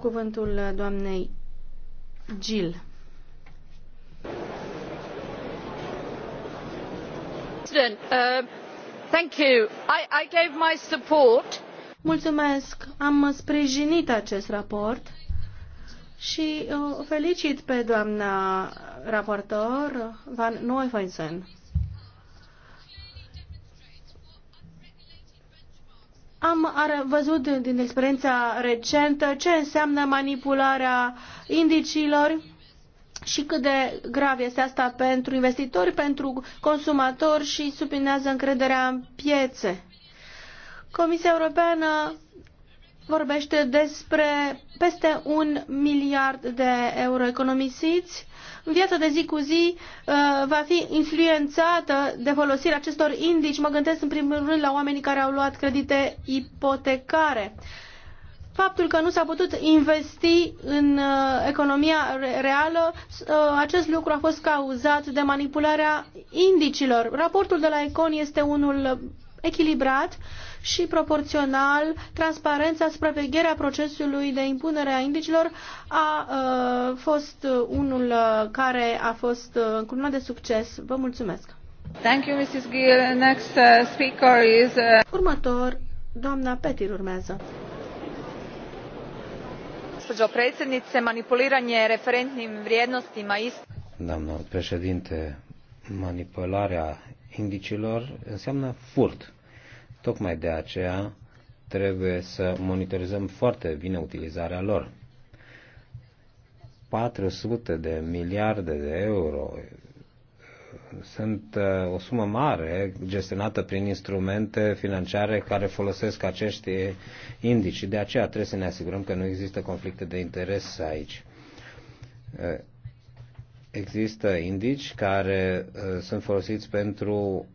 Cuvântul doamnei Gil. President, uh, thank you. I, I gave my support. Mulțumesc. Am sprijinit acest raport și uh, felicit pe doamna raportor Van Neufensen Am văzut din experiența recentă ce înseamnă manipularea indicilor și cât de grav este asta pentru investitori, pentru consumatori și supinează încrederea în piețe. Comisia Europeană vorbește despre peste un miliard de euro economisiți în viața de zi cu zi uh, va fi influențată de folosirea acestor indici. Mă gândesc în primul rând la oamenii care au luat credite ipotecare. Faptul că nu s-a putut investi în uh, economia reală, uh, acest lucru a fost cauzat de manipularea indicilor. Raportul de la Econ este unul echilibrat și proporțional, transparența, supravegherea procesului de impunere a indicilor a uh, fost unul uh, care a fost uh, încurunat de succes. Vă mulțumesc! Thank you, Mrs. Gill. Next speaker is... Următor, doamna Petir urmează gospođo predsjednice manipuliranje referentnim vrijednostima Doamna președinte manipularea indicilor înseamnă furt Tocmai de aceea trebuie să monitorizăm foarte bine utilizarea lor. 400 de miliarde de euro uh, sunt uh, o sumă mare gestionată prin instrumente financiare care folosesc acești indici. De aceea trebuie să ne asigurăm că nu există conflicte de interes aici. Uh, există indici care sunt folosiți pentru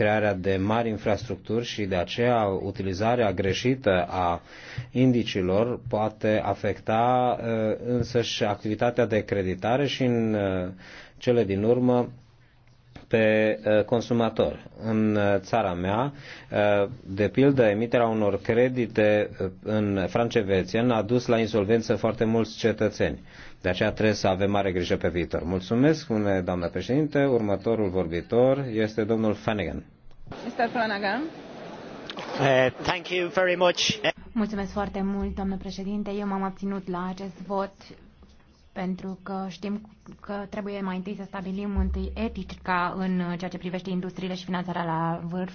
crearea de mari infrastructuri și de aceea utilizarea greșită a indicilor poate afecta uh, însăși activitatea de creditare și în uh, cele din urmă pe uh, consumator. În uh, țara mea, uh, de pildă, emiterea unor credite în francevețian a dus la insolvență foarte mulți cetățeni. De aceea trebuie să avem mare grijă pe viitor. Mulțumesc, spune doamna președinte. Următorul vorbitor este domnul Flanagan. Mr. Flanagan. Uh, thank you very much. Mulțumesc foarte mult, doamnă președinte. Eu m-am abținut la acest vot pentru că știm că trebuie mai întâi să stabilim întâi etica în ceea ce privește industriile și finanțarea la vârf.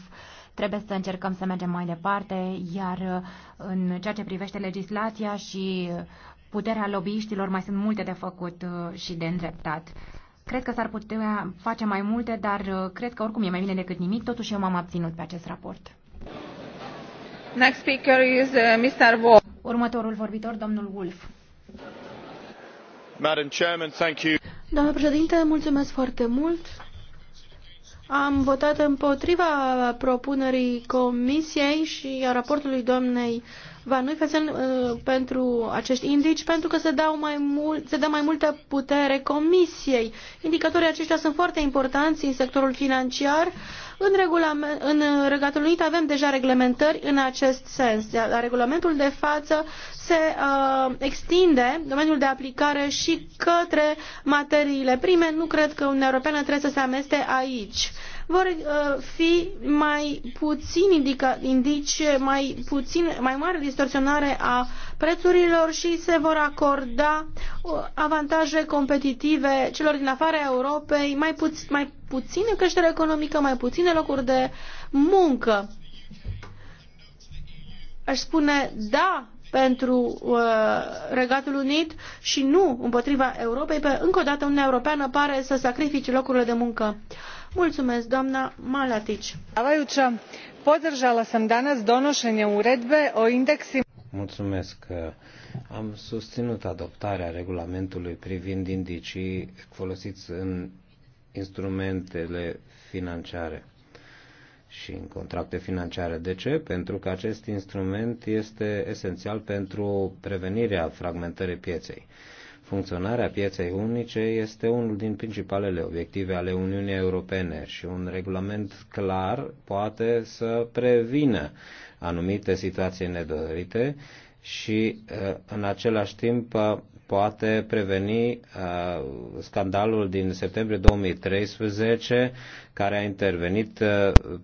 Trebuie să încercăm să mergem mai departe, iar în ceea ce privește legislația și puterea lobbyiștilor mai sunt multe de făcut uh, și de îndreptat. Cred că s-ar putea face mai multe, dar uh, cred că oricum e mai bine decât nimic. Totuși eu m-am abținut pe acest raport. Next speaker is uh, Mr. Wolf. Următorul vorbitor, domnul Wolf Doamnă președinte, mulțumesc foarte mult. Am votat împotriva propunerii Comisiei și a raportului doamnei Van Uyfesen uh, pentru acești indici, pentru că se, dau mai mult, se dă mai multă putere Comisiei. Indicatorii aceștia sunt foarte importanți în sectorul financiar. Uh, în, regulament, în Regatul Unit avem deja reglementări în acest sens. La regulamentul de față se uh, extinde domeniul de aplicare și către materiile prime. Nu cred că Uniunea Europeană trebuie să se ameste aici vor uh, fi mai puțin indica, indici, mai, puțin, mai mare distorsionare a prețurilor și se vor acorda uh, avantaje competitive celor din afara Europei, mai, puț, mai puțină creștere economică, mai puține locuri de muncă. Aș spune da pentru uh, Regatul Unit și nu împotriva Europei. Pe, încă o dată, Uniunea Europeană pare să sacrifice locurile de muncă. Mulțumesc, doamna Malatici. Podržala sam danas donošenje uredbe o indeksima... Mulțumesc. Am susținut adoptarea regulamentului privind indicii folosiți în instrumentele financiare și în contracte financiare. De ce? Pentru că acest instrument este esențial pentru prevenirea fragmentării pieței. Funcționarea pieței unice este unul din principalele obiective ale Uniunii Europene și un regulament clar poate să prevină anumite situații nedorite și uh, în același timp uh, poate preveni uh, scandalul din septembrie 2013 care a intervenit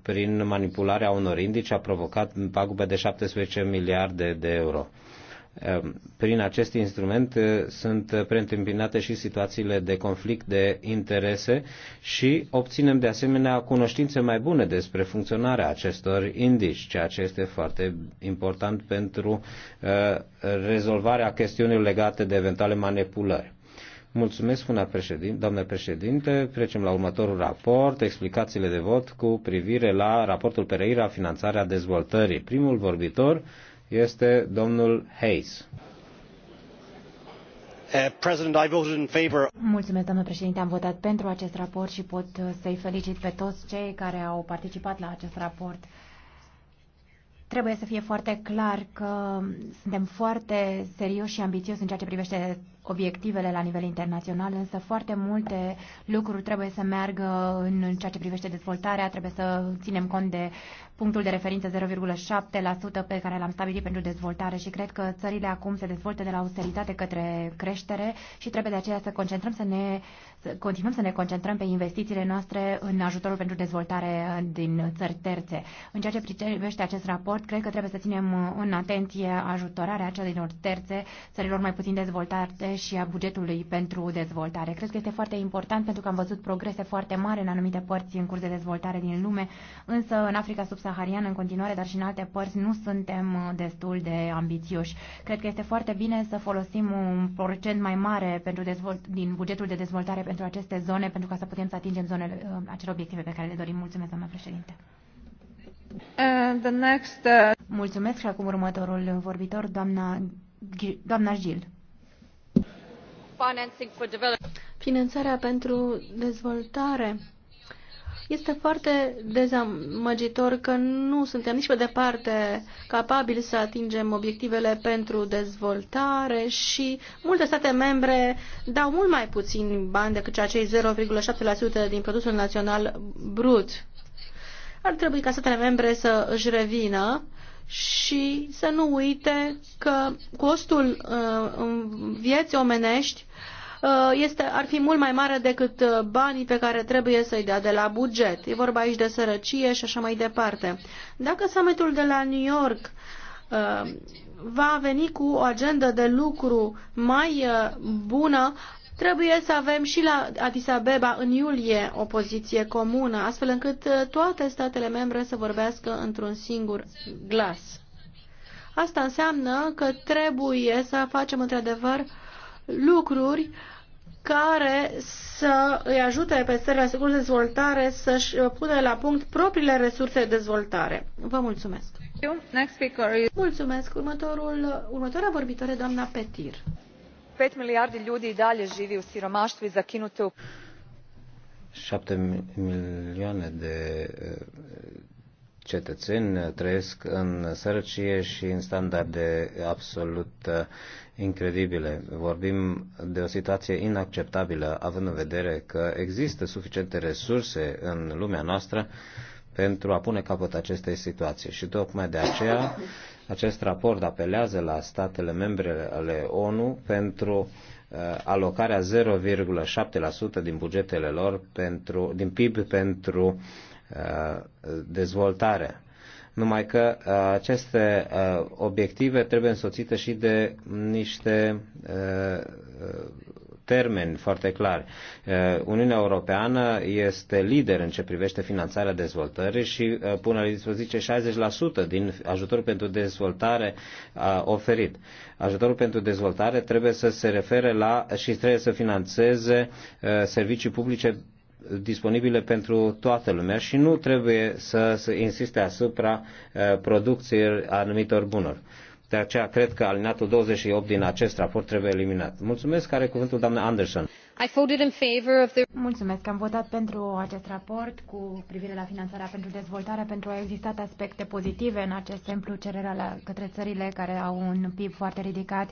prin manipularea unor indici a provocat pagube de 17 miliarde de euro. Ehm, prin acest instrument eh, sunt preîntâmpinate și situațiile de conflict de interese și obținem de asemenea cunoștințe mai bune despre funcționarea acestor indici, ceea ce este foarte important pentru eh, rezolvarea chestiunilor legate de eventuale manipulări. Mulțumesc, președin, doamnă președinte. Trecem la următorul raport, explicațiile de vot cu privire la raportul Pereira, finanțarea dezvoltării. Primul vorbitor, este domnul Hayes. Uh, Mulțumesc, doamnă președinte. Am votat pentru acest raport și pot uh, să-i felicit pe toți cei care au participat la acest raport. Trebuie să fie foarte clar că suntem foarte serioși și ambițioși în ceea ce privește obiectivele la nivel internațional, însă foarte multe lucruri trebuie să meargă în ceea ce privește dezvoltarea, trebuie să ținem cont de punctul de referință 0,7% pe care l-am stabilit pentru dezvoltare și cred că țările acum se dezvoltă de la austeritate către creștere și trebuie de aceea să concentrăm să ne să continuăm să ne concentrăm pe investițiile noastre în ajutorul pentru dezvoltare uh, din țări terțe. În ceea ce privește acest raport, cred că trebuie să ținem uh, în atenție ajutorarea celor terțe, țărilor mai puțin dezvoltate și a bugetului pentru dezvoltare. Cred că este foarte important pentru că am văzut progrese foarte mari în anumite părți în curs de dezvoltare din lume, însă în Africa sub subsahariană în continuare, dar și în alte părți, nu suntem uh, destul de ambițioși. Cred că este foarte bine să folosim un procent mai mare pentru dezvolt, din bugetul de dezvoltare pentru aceste zone, pentru ca să putem să atingem zonele, uh, acele obiective pe care le dorim. Mulțumesc, doamna președinte. And the next, uh... Mulțumesc și acum următorul vorbitor, doamna, doamna Gil. Finanțarea pentru dezvoltare este foarte dezamăgitor că nu suntem nici pe departe capabili să atingem obiectivele pentru dezvoltare și multe state membre dau mult mai puțin bani decât acei 0,7% din produsul național brut. Ar trebui ca statele membre să își revină și să nu uite că costul uh, vieții omenești uh, Uh, este, ar fi mult mai mare decât uh, banii pe care trebuie să-i dea de la buget. E vorba aici de sărăcie și așa mai departe. Dacă summitul de la New York uh, va veni cu o agendă de lucru mai bună, trebuie să avem și la Addis Abeba în iulie o poziție comună, astfel încât toate statele membre să vorbească într-un singur glas. Asta înseamnă că trebuie să facem într-adevăr lucruri care să îi ajute pe țările de dezvoltare să-și uh, pună la punct propriile resurse de dezvoltare. Vă mulțumesc! Next speaker is... Mulțumesc! Următorul, uh, următoarea vorbitoare, doamna Petir. 5 miliarde de oameni i dalje živi u siromaštvu i 7 milioane de uh, cetățeni trăiesc în sărăcie și în standarde absolut uh, incredibile. Vorbim de o situație inacceptabilă, având în vedere că există suficiente resurse în lumea noastră pentru a pune capăt acestei situații. Și tocmai de aceea acest raport apelează la statele membre ale ONU pentru uh, alocarea 0,7% din bugetele lor pentru, din PIB pentru Uh, dezvoltare. Numai că uh, aceste uh, obiective trebuie însoțite și de niște termeni foarte clari. Uniunea Europeană este lider în ce privește finanțarea dezvoltării și pune la dispoziție 60% din ajutorul pentru dezvoltare oferit. Ajutorul pentru dezvoltare trebuie să se refere la și trebuie să financeze servicii publice disponibile pentru toată lumea și nu trebuie să, să insiste asupra uh, producției anumitor bunuri. De aceea cred că alineatul 28 din acest raport trebuie eliminat. Mulțumesc, care cuvântul doamna Anderson. I voted in favor of the... Mulțumesc, am votat pentru acest raport cu privire la finanțarea pentru dezvoltare, pentru a existat aspecte pozitive în acest exemplu cererea la, către țările care au un PIB foarte ridicat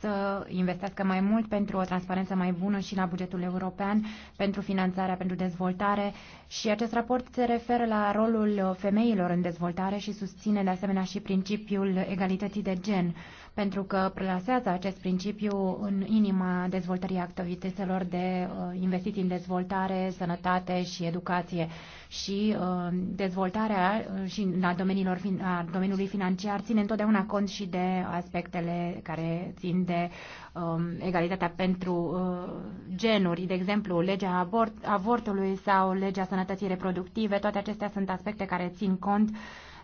să investească mai mult pentru o transparență mai bună și la bugetul european, pentru finanțarea, pentru dezvoltare și acest raport se referă la rolul femeilor în dezvoltare și susține de asemenea și principiul egalității de gen pentru că prelasează acest principiu în inima dezvoltării activităților de uh, investiții în dezvoltare, sănătate și educație. Și uh, dezvoltarea uh, și a, domeniilor, a domeniului financiar ține întotdeauna cont și de aspectele care țin de um, egalitatea pentru uh, genuri, de exemplu, legea abort, avortului sau legea sănătății reproductive, toate acestea sunt aspecte care țin cont uh,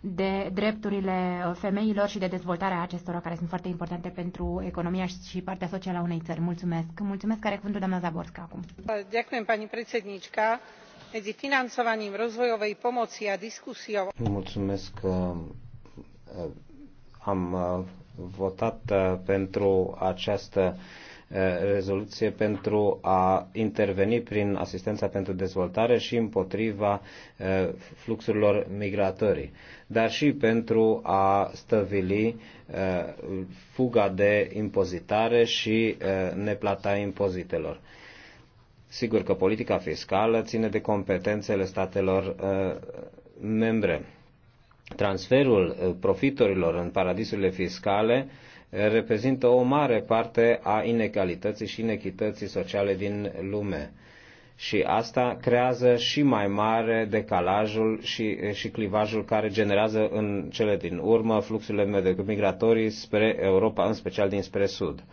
de drepturile femeilor și de dezvoltarea acestora, care sunt foarte importante pentru economia și partea socială a unei țări. Mulțumesc. Mulțumesc, care cuvântul doamna Zaborska acum. Ďakujem, pani predsednička. Medzi financovaním rozvojovej pomoci a diskusiou... Mulțumesc. Eh, am eh, votat eh, pentru această Eh, rezoluție pentru a interveni prin asistența pentru dezvoltare și împotriva eh, fluxurilor migratorii, dar și pentru a stăvili eh, fuga de impozitare și neplata impozitelor. Sigur că politica fiscală ține de competențele statelor membre. Transferul profitorilor în paradisurile fiscale uh, reprezintă o mare parte a inegalității și inechității sociale din lume. Și asta creează și mai mare decalajul și, și clivajul care generează în cele din urmă fluxurile migratorii spre Europa, în special dinspre Sud.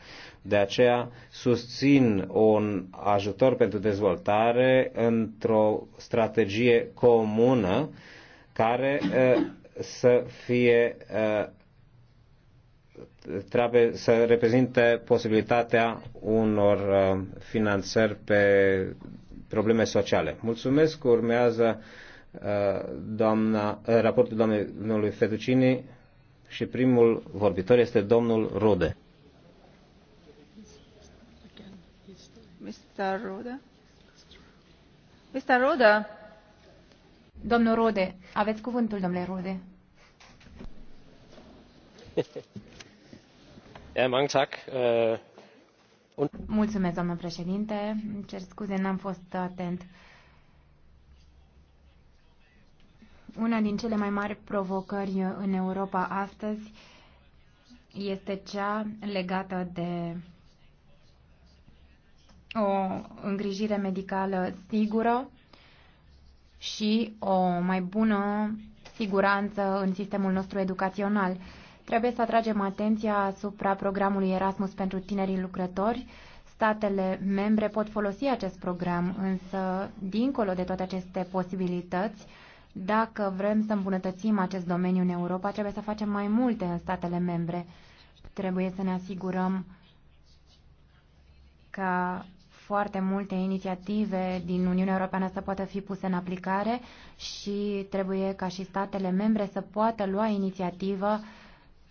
De aceea susțin un ajutor pentru dezvoltare într-o strategie comună care eh, să fie eh, trebuie să reprezinte posibilitatea unor uh, finanțări pe probleme sociale. Mulțumesc, urmează uh, doamna, uh, raportul domnului Feducini și primul vorbitor este domnul Rode. Mr. Rode? Mr. Rode? Domnul Rode, aveți cuvântul, domnule Rode. Øh, Mulțumesc, președinte președinte. Cer scuze, n-am fost atent. Una din cele mai mari provocări în Europa astăzi este cea legată de o îngrijire medicală sigură și o mai bună siguranță în sistemul nostru educațional. Trebuie să atragem atenția asupra programului Erasmus pentru tinerii lucrători. Statele membre pot folosi acest program, însă, dincolo de toate aceste posibilități, dacă vrem să îmbunătățim acest domeniu în Europa, trebuie să facem mai multe în statele membre. Trebuie să ne asigurăm ca foarte multe inițiative din Uniunea Europeană să poată fi puse în aplicare și trebuie ca și statele membre să poată lua inițiativă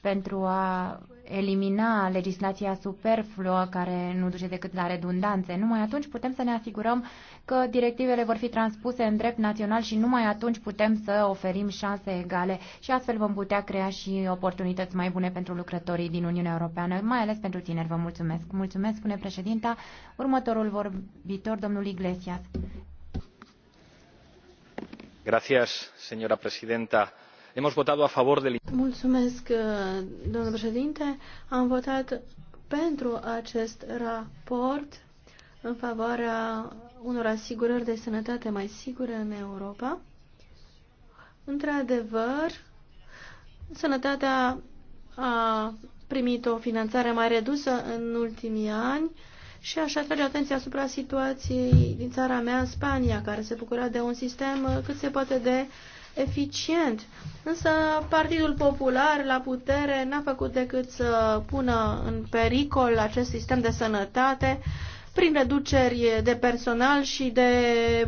pentru a elimina legislația superfluă care nu duce decât la redundanțe. Numai atunci putem să ne asigurăm că directivele vor fi transpuse în drept național și numai atunci putem să oferim șanse egale și astfel vom putea crea și oportunități mai bune pentru lucrătorii din Uniunea Europeană, mai ales pentru tineri. Vă mulțumesc. Mulțumesc, spune președinta. Următorul vorbitor, domnul Iglesias. Gracias, señora presidenta hemos votado a favor del. Mulțumesc, uh, domnule președinte. Am votat pentru acest raport în favoarea unor asigurări de sănătate mai sigure în Europa. Într-adevăr, sănătatea a primit o finanțare mai redusă în ultimii ani și aș atrage atenția asupra situației din țara mea, Spania, care se bucura de un sistem cât se poate de uh, eficient. Însă Partidul Popular la putere n-a făcut decât să pună în pericol acest sistem de sănătate prin reduceri de personal și de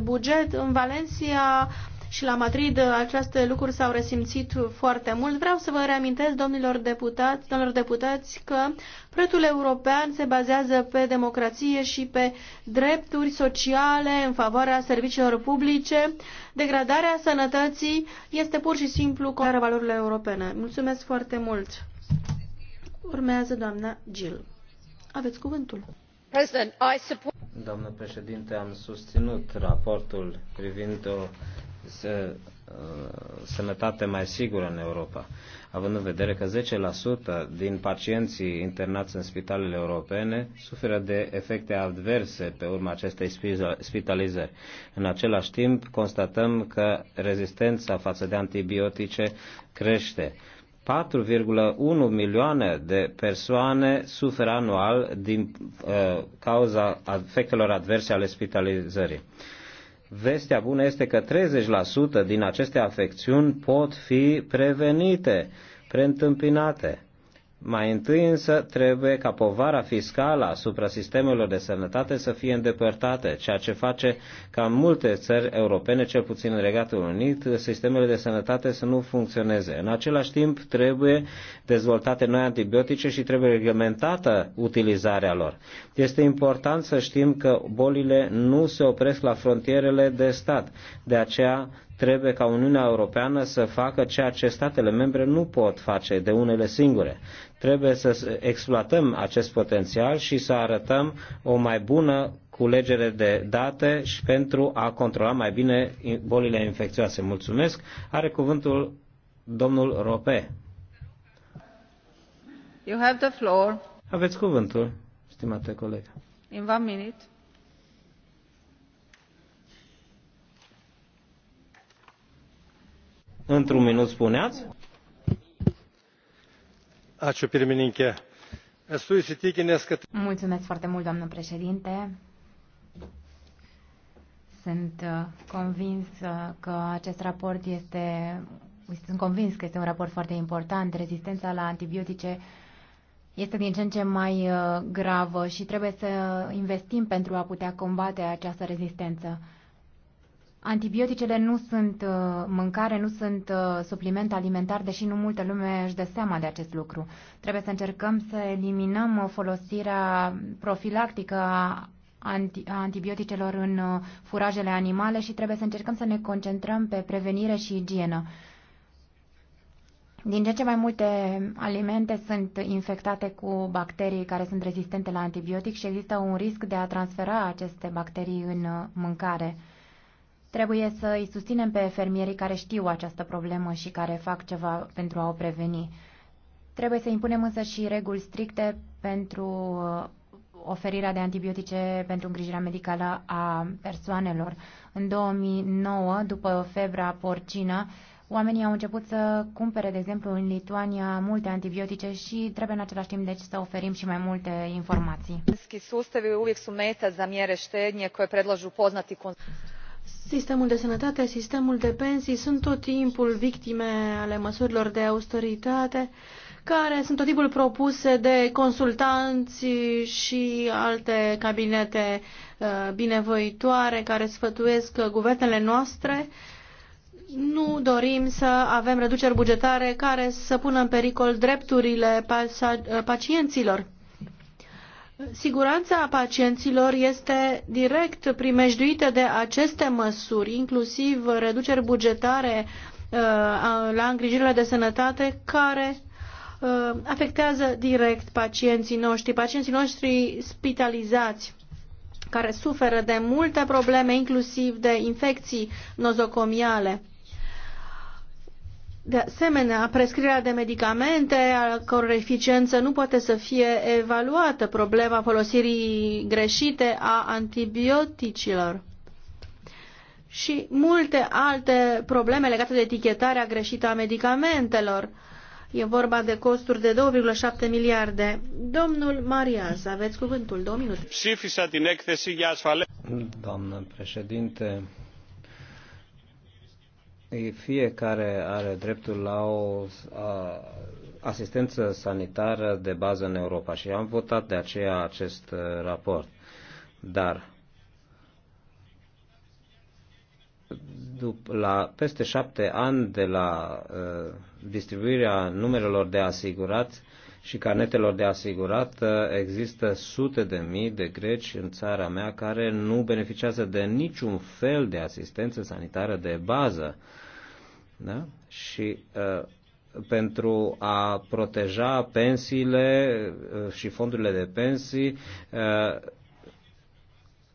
buget. În Valencia și la Madrid aceste lucruri s-au resimțit foarte mult. Vreau să vă reamintesc, domnilor deputați, domnilor deputați că proiectul european se bazează pe democrație și pe drepturi sociale în favoarea serviciilor publice. Degradarea sănătății este pur și simplu contra valorilor europene. Mulțumesc foarte mult. Urmează doamna Gil. Aveți cuvântul. Doamnă președinte, am susținut raportul privind o Uh, sănătate mai sigură în Europa, având în vedere că 10% din pacienții internați în spitalele europene suferă de efecte adverse pe urma acestei spitalizări. În același timp, constatăm că rezistența față de antibiotice crește. 4,1 milioane de persoane suferă anual din uh, cauza efectelor adverse ale spitalizării. Uh, Vestea bună este că 30% din aceste afecțiuni pot fi prevenite, preîntâmpinate. Mai întâi însă trebuie ca povara fiscală asupra sistemelor de sănătate să fie îndepărtată, ceea ce face ca în multe țări europene, cel puțin în Regatul Unit, sistemele de sănătate să nu funcționeze. În același timp trebuie dezvoltate noi antibiotice și trebuie reglementată utilizarea lor. Este important să știm că bolile nu se opresc la frontierele de stat. De aceea Trebuie ca Uniunea Europeană să facă ceea ce statele membre nu pot face de unele singure. Trebuie să exploatăm acest potențial și să arătăm o mai bună culegere de date și pentru a controla mai bine bolile infecțioase. Mulțumesc. Are cuvântul domnul Rope. You have the floor. Aveți cuvântul, stimate coleg. In one minute. Într-un minut spuneați. Ačiū pirmininkė. Esu įsitikinęs, kad... Mulțumesc foarte mult, doamnă președinte. Sunt uh, convins uh, că acest raport este... Sunt convins că este un raport foarte important. Rezistența la antibiotice este din ce în ce mai uh, gravă și trebuie să investim pentru a putea combate această rezistență. Antibioticele nu sunt uh, mâncare, nu sunt uh, supliment alimentar, deși nu multă lume își dă seama de acest lucru. Trebuie să încercăm să eliminăm folosirea profilactică a antibioticelor în uh, furajele animale și trebuie să încercăm să ne concentrăm pe prevenire și igienă. Din ce ce mai multe alimente sunt infectate cu bacterii care sunt rezistente la antibiotic și există un risc de a transfera aceste bacterii în mâncare. Trebuie să îi susținem pe fermierii care știu această problemă și care fac ceva pentru a o preveni. Trebuie să impunem însă și reguli stricte pentru uh, oferirea de antibiotice pentru îngrijirea medicală a persoanelor. În 2009, după febra porcină, oamenii au început să cumpere, de exemplu, în Lituania multe antibiotice și trebuie în același timp deci să oferim și mai multe informații. Sistemul de sănătate, sistemul de pensii sunt tot timpul victime ale măsurilor de austeritate, care sunt tot timpul propuse de consultanți și alte cabinete uh, binevoitoare care sfătuiesc guvernele noastre. Nu dorim să avem reduceri bugetare care să pună în pericol drepturile uh, pacienților. Siguranța pacienților este direct primejduită de aceste măsuri, inclusiv reduceri bugetare uh, la îngrijirile de sănătate care uh, afectează direct pacienții noștri, pacienții noștri spitalizați care suferă de multe probleme, inclusiv de infecții nozocomiale. De asemenea, prescrierea de medicamente, a căror eficiență nu poate să fie evaluată, problema folosirii greșite a antibioticilor și multe alte probleme legate de etichetarea greșită a medicamentelor. E vorba de costuri de 2,7 miliarde. Domnul Marias, aveți cuvântul, două minute. Doamnă președinte, fiecare are dreptul la o asistență sanitară de bază în Europa și am votat de aceea acest uh, raport. Dar după, la peste șapte ani de la uh, distribuirea numerelor de asigurat și carnetelor de asigurat, uh, există sute de mii de greci în țara mea care nu beneficiază de niciun fel de asistență sanitară de bază. Uh, da? Și uh, pentru a proteja pensiile uh, și fondurile de pensii uh,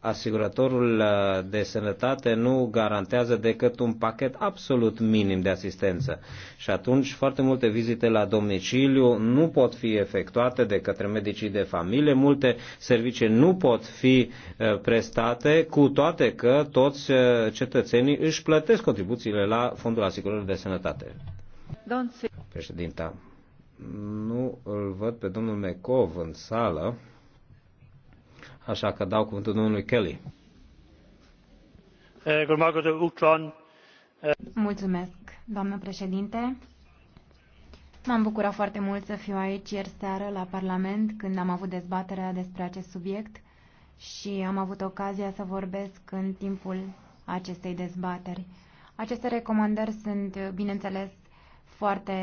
Asiguratorul uh, de sănătate nu garantează decât un pachet absolut minim de asistență. Și atunci foarte multe vizite la domiciliu nu pot fi efectuate de către medicii de familie, multe servicii nu pot fi uh, prestate, cu toate că toți uh, cetățenii își plătesc contribuțiile la Fondul Asigurării de Sănătate. Președinta, nu îl văd pe domnul Mecov în sală așa că dau cuvântul domnului Kelly. Eh, eh, Mulțumesc, doamnă președinte. M-am bucurat foarte mult să fiu aici ieri seară la Parlament când am avut dezbaterea despre acest subiect și am avut ocazia să vorbesc în timpul acestei dezbateri. Aceste recomandări sunt, bineînțeles, foarte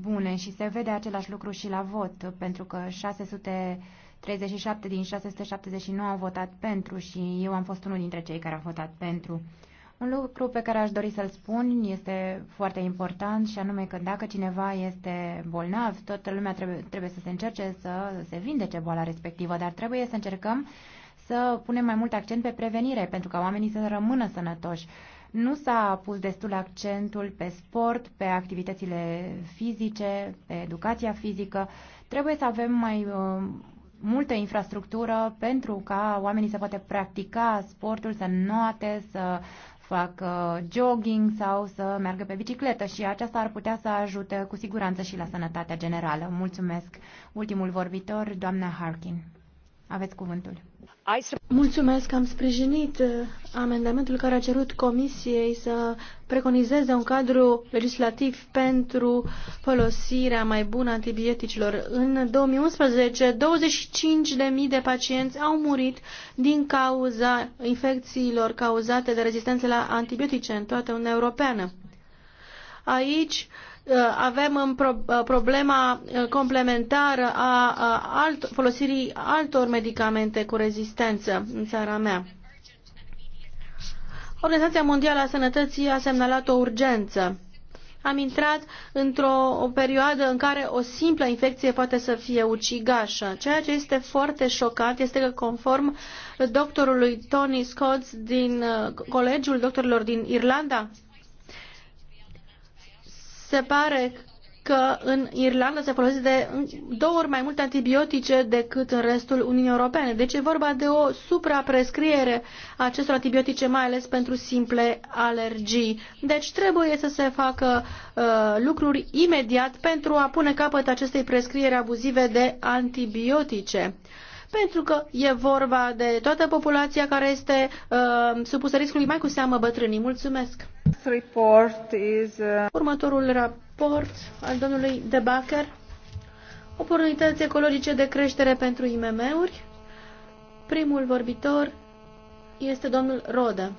bune și se vede același lucru și la vot, pentru că 600 37 din 679 au votat pentru și eu am fost unul dintre cei care au votat pentru. Un lucru pe care aș dori să-l spun este foarte important și anume că dacă cineva este bolnav, toată lumea trebuie, trebuie să se încerce să se vindece boala respectivă, dar trebuie să încercăm să punem mai mult accent pe prevenire pentru ca oamenii să rămână sănătoși. Nu s-a pus destul accentul pe sport, pe activitățile fizice, pe educația fizică. Trebuie să avem mai uh, multă infrastructură pentru ca oamenii să poată practica sportul, să noate, să fac jogging sau să meargă pe bicicletă și aceasta ar putea să ajute cu siguranță și la sănătatea generală. Mulțumesc. Ultimul vorbitor, doamna Harkin. Aveți cuvântul. Mulțumesc, am sprijinit uh, amendamentul care a cerut Comisiei să preconizeze un cadru legislativ pentru folosirea mai bună a antibioticilor. În 2011, 25.000 de pacienți au murit din cauza infecțiilor cauzate de rezistență la antibiotice în toată Uniunea Europeană. Aici Uh, avem uh, problema uh, complementară a alt, folosirii altor medicamente cu rezistență în țara mea. Organizația Mondială a Sănătății a semnalat o urgență. Am intrat într-o perioadă în care o simplă infecție poate să fie ucigașă. Ceea ce este foarte șocant este că conform doctorului Tony Scott din Colegiul Doctorilor din Irlanda, se pare că în Irlanda se folosesc de două ori mai multe antibiotice decât în restul Uniunii Europene. Deci e vorba de o supraprescriere a acestor antibiotice, mai ales pentru simple alergii. Deci trebuie să se facă uh, lucruri imediat pentru a pune capăt acestei prescrieri abuzive de antibiotice pentru că e vorba de toată populația care este uh, supusă riscului, mai cu seamă bătrânii. Mulțumesc! Uh, Următorul raport al domnului De Bacher, oportunități ecologice de creștere pentru IMM-uri. Primul vorbitor este domnul Rodă.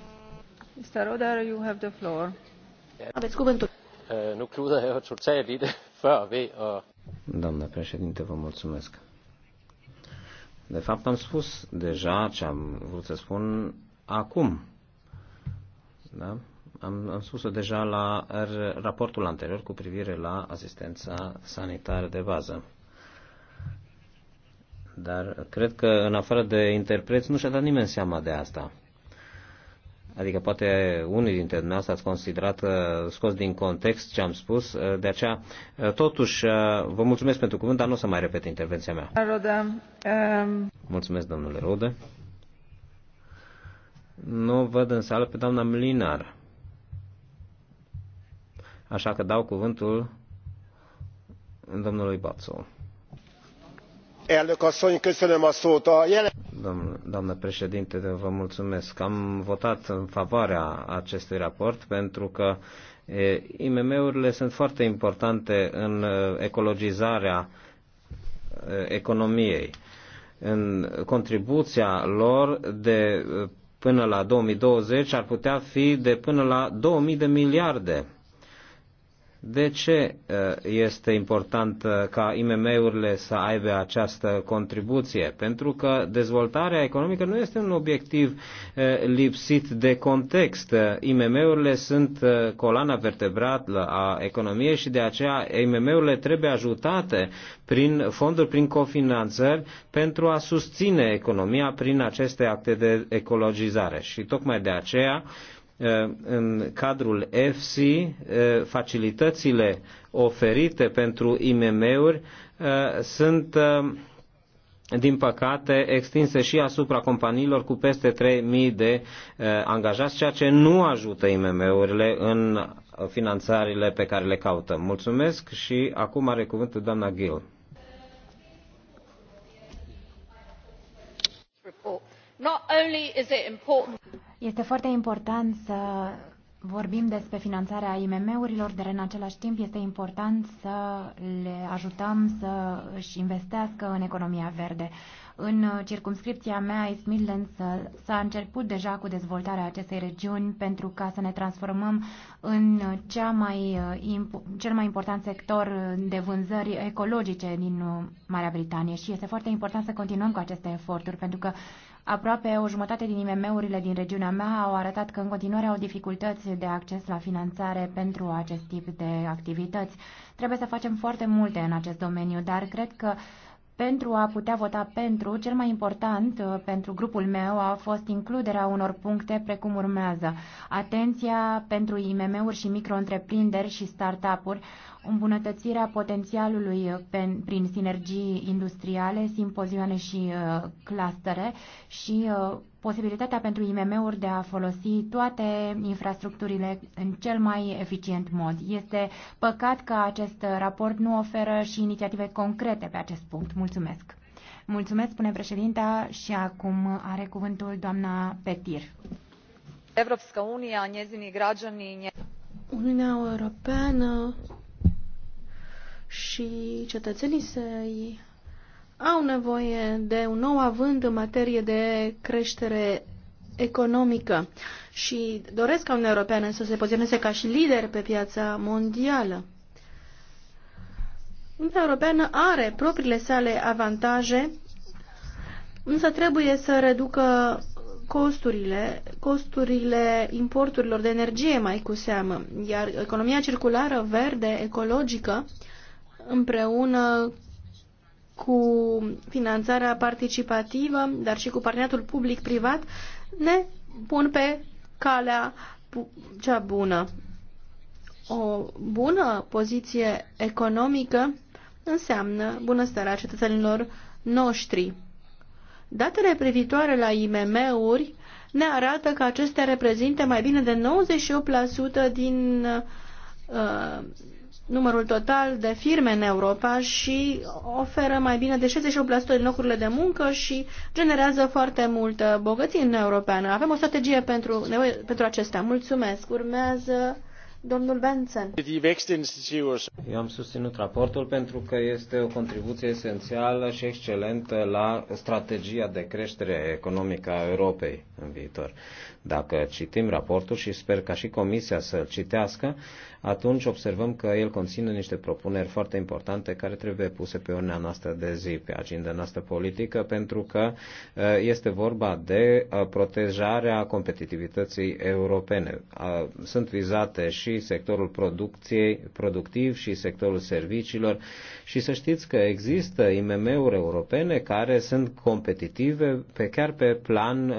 Mr. Rodă, you have the floor. Aveți cuvântul. Eh, nu cluză eu total i det før ved președinte, vă mulțumesc. De fapt, am spus deja ce am vrut să spun acum. Da? Am, am spus-o deja la raportul anterior cu privire la asistența sanitară de bază. Dar cred că, în afară de interpreți, nu și-a dat nimeni seama de asta. Adică poate unii dintre dumneavoastră ați considerat uh, scos din context ce am spus, uh, de aceea uh, totuși vă mulțumesc pentru cuvânt, dar nu o să mai repet intervenția mea. Rodă, um... Mulțumesc, domnule Rode. Nu văd în sală pe doamna Mlinar. Așa că dau cuvântul domnului Bațou. Elnök asszony, köszönöm a szót. A jelen... Doamnă președinte, vă mulțumesc. Am votat în favoarea acestui raport pentru că IMM-urile sunt foarte importante în ecologizarea economiei. În contribuția lor de până la 2020 ar putea fi de până la 2000 de miliarde de ce uh, este important uh, ca IMM-urile să aibă această contribuție? Pentru că dezvoltarea economică nu este un obiectiv uh, lipsit de context. IMM-urile sunt colana vertebrală a economiei și de aceea IMM-urile trebuie ajutate prin fonduri, prin cofinanțări pentru a susține economia prin aceste acte de ecologizare. Și tocmai de aceea Eh, în cadrul EFSI eh, facilitățile oferite pentru IMM-uri eh, sunt din păcate, extinse și asupra companiilor cu peste 3.000 de angajați, ceea ce nu ajută IMM-urile în finanțările pe care le caută. Mulțumesc și acum are cuvântul doamna Gil. Este foarte important să vorbim despre finanțarea IMM-urilor, dar în același timp este important să le ajutăm să își investească în economia verde. În circumscripția mea, East Midlands, s-a început deja cu dezvoltarea acestei regiuni pentru ca să ne transformăm în cea mai, uh, cel mai important sector de vânzări ecologice din uh, Marea Britanie și este foarte important să continuăm cu aceste eforturi pentru că Aproape o jumătate din IMM-urile din regiunea mea au arătat că în continuare au dificultăți de acces la finanțare pentru acest tip de activități. Trebuie să facem foarte multe în acest domeniu, dar cred că pentru a putea vota pentru, cel mai important uh, pentru grupul meu a fost includerea unor puncte precum urmează. Atenția pentru IMM-uri și micro-întreprinderi și up uri îmbunătățirea potențialului uh, prin sinergii industriale, simpozioane și uh, clustere și posibilitatea pentru IMM-uri de a folosi toate infrastructurile în cel mai eficient mod. Este păcat că acest raport nu oferă și inițiative concrete pe acest punct. Mulțumesc! Mulțumesc, spune președinta, și acum are cuvântul doamna Petir. Evropska unija, njezini građani... Uniunea Europeană și cetățenii săi au nevoie de un nou avânt în materie de creștere economică și doresc ca Uniunea Europeană să se poziționeze ca și lider pe piața mondială. Uniunea Europeană are propriile sale avantaje, însă trebuie să reducă costurile, costurile importurilor de energie mai cu seamă, iar economia circulară, verde, ecologică, împreună cu finanțarea participativă, dar și cu parteneriatul public-privat, ne pun pe calea cea bună. O bună poziție economică înseamnă bunăstarea cetățenilor noștri. Datele privitoare la IMM-uri ne arată că acestea reprezintă mai bine de 98% din uh, numărul total de firme în Europa și oferă mai bine de 68% din locurile de muncă și generează foarte multă bogăție în europeană. Avem o strategie pentru, pentru acestea. Mulțumesc. Urmează domnul Benson. Eu am susținut raportul pentru că este o contribuție esențială și excelentă la strategia de creștere economică a Europei în viitor. Dacă citim raportul și sper ca și Comisia să-l citească, atunci observăm că el conține niște propuneri foarte importante care trebuie puse pe ordinea noastră de zi, pe agenda noastră politică, pentru că uh, este vorba de uh, protejarea competitivității europene. Uh, sunt vizate și sectorul producției, productiv și sectorul serviciilor și să știți că există IMM-uri europene care sunt competitive pe chiar pe plan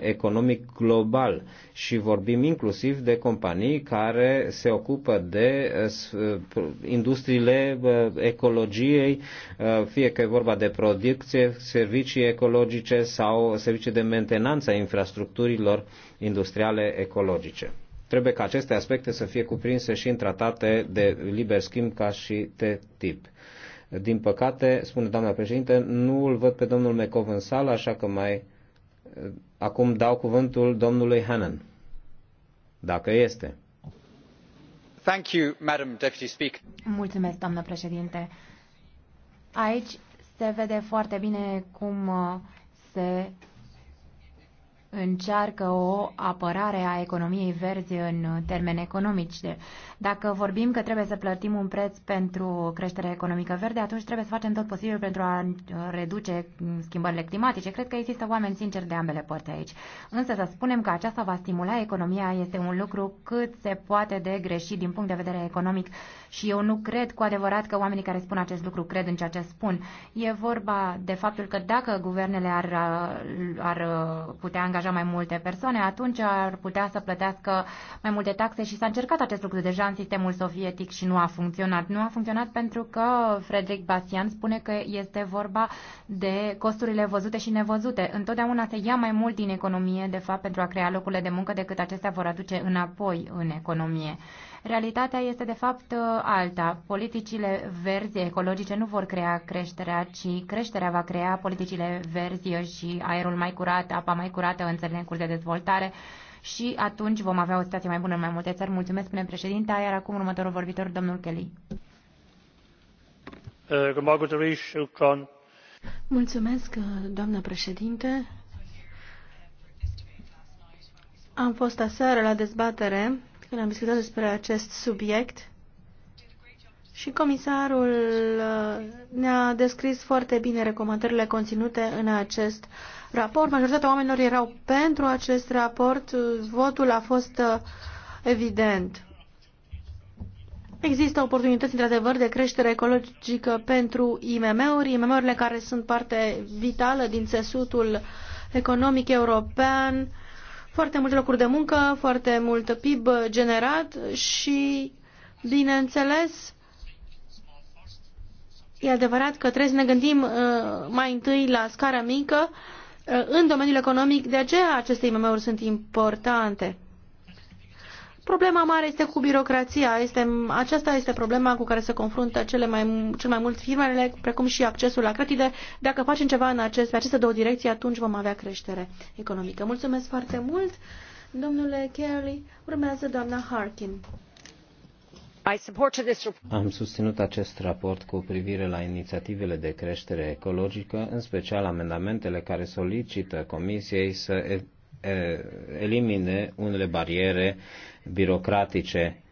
economic economic global și vorbim inclusiv de companii care se ocupă de eh, industriile eh, ecologiei, eh, fie că e vorba de producție, servicii ecologice sau servicii de mentenanță a infrastructurilor industriale ecologice. Trebuie ca aceste aspecte să fie cuprinse și în tratate de liber schimb ca și TTIP. Din păcate, spune doamna președinte, nu îl văd pe domnul Mecov în sală, așa că mai Acum dau cuvântul domnului Hannan, dacă este. Thank you, Madam Deputy Speaker. Mulțumesc, doamnă președinte. Aici se vede foarte bine cum uh, se încearcă o apărare a economiei verzi în termeni economici. Dacă vorbim că trebuie să plătim un preț pentru creșterea economică verde, atunci trebuie să facem tot posibil pentru a reduce schimbările climatice. Cred că există oameni sinceri de ambele părți aici. Însă să spunem că aceasta va stimula economia este un lucru cât se poate de greșit din punct de vedere economic și eu nu cred cu adevărat că oamenii care spun acest lucru cred în ceea ce spun. E vorba de faptul că dacă guvernele ar, ar putea angaja angaja mai multe persoane, atunci ar putea să plătească mai multe taxe și s-a încercat acest lucru deja în sistemul sovietic și nu a funcționat. Nu a funcționat pentru că Frederic Bastian spune că este vorba de costurile văzute și nevăzute. Întotdeauna se ia mai mult din economie, de fapt, pentru a crea locurile de muncă decât acestea vor aduce înapoi în economie. Realitatea este de fapt alta. Politicile verzi ecologice nu vor crea creșterea, ci creșterea va crea politicile verzi și aerul mai curat, apa mai curată în țările în curs de dezvoltare și atunci vom avea o situație mai bună în mai multe țări. Mulțumesc, spune președinte, iar acum următorul vorbitor, domnul Kelly. Eh, Mulțumesc, eh, doamnă președinte. Am fost aseară la dezbatere când am discutat despre acest subiect și comisarul eh, ne-a descris foarte bine recomandările conținute în acest raport. Majoritatea oamenilor erau pentru acest raport. Votul a fost uh, evident. Există oportunități, într-adevăr, de creștere ecologică pentru IMM-uri, IMM-urile care sunt parte vitală din țesutul economic european, foarte multe locuri de muncă, foarte mult PIB generat și, bineînțeles, e adevărat că trebuie să ne gândim uh, mai întâi la scară mică, Uh, în domeniul economic, de aceea aceste IMM-uri sunt importante. Problema mare este cu birocrația. Este, aceasta este problema cu care se confruntă cele mai, cel mai mult firmele, precum și accesul la credite. Dacă facem ceva în acest, pe aceste două direcții, atunci vom avea creștere economică. Mulțumesc foarte mult, domnule Kelly. Urmează doamna Harkin. Am susținut acest raport cu privire la inițiativele de creștere ecologică, în special amendamentele care solicită Comisiei să elimine unele bariere birocratice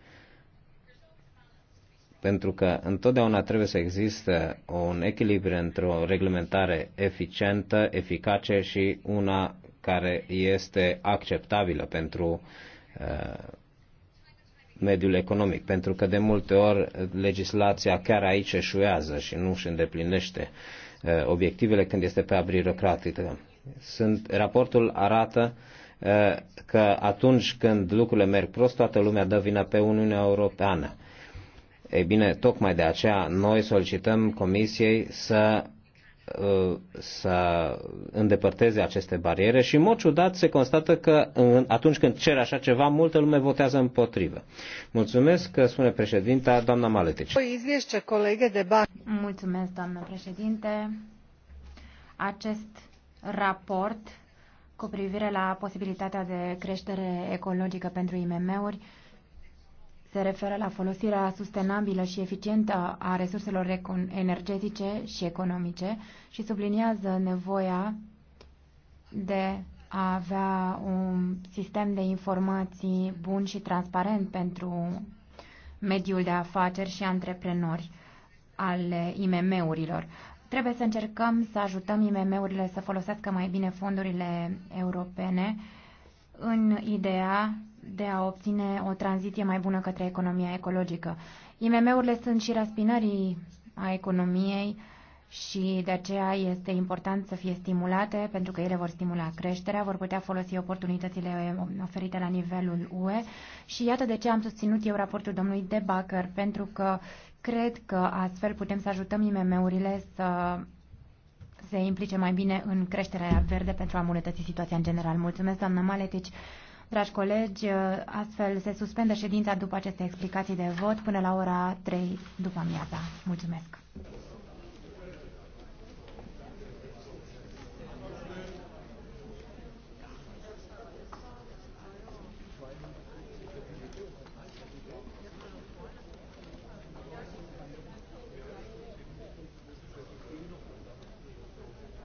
pentru că întotdeauna trebuie să există un echilibru între o reglementare eficientă, eficace și una care este acceptabilă pentru uh, mediul economic, pentru că de multe ori legislația chiar aici eșuează și nu își îndeplinește uh, obiectivele când este pe abrirocratică. Sunt, raportul arată uh, că atunci când lucrurile merg prost, toată lumea dă vina pe Uniunea Europeană. Ei bine, tocmai de aceea noi solicităm Comisiei să Uh, să îndepărteze aceste bariere și, în mod ciudat, se constată că atunci când cer așa ceva, multă lume votează împotrivă. Mulțumesc, că uh, spune președinta, doamna Maletici. Păi, Mulțumesc, doamna președinte. Acest raport cu privire la posibilitatea de creștere ecologică pentru IMM-uri se referă la folosirea sustenabilă și eficientă a resurselor energetice și economice și subliniază nevoia de a avea un sistem de informații bun și transparent pentru mediul de afaceri și antreprenori ale IMM-urilor. Trebuie să încercăm să ajutăm IMM-urile să folosească mai bine fondurile europene în ideea de a obține o tranziție mai bună către economia ecologică. IMM-urile sunt și raspinării a economiei și de aceea este important să fie stimulate, pentru că ele vor stimula creșterea, vor putea folosi oportunitățile oferite la nivelul UE și iată de ce am susținut eu raportul domnului De pentru că cred că astfel putem să ajutăm IMM-urile să se implice mai bine în creșterea verde pentru a îmbunătăți situația în general. Mulțumesc, doamna Maletici. Dragi colegi, uh, astfel se suspendă ședința după aceste explicații de vot până la ora 3 după amiaza. Mulțumesc!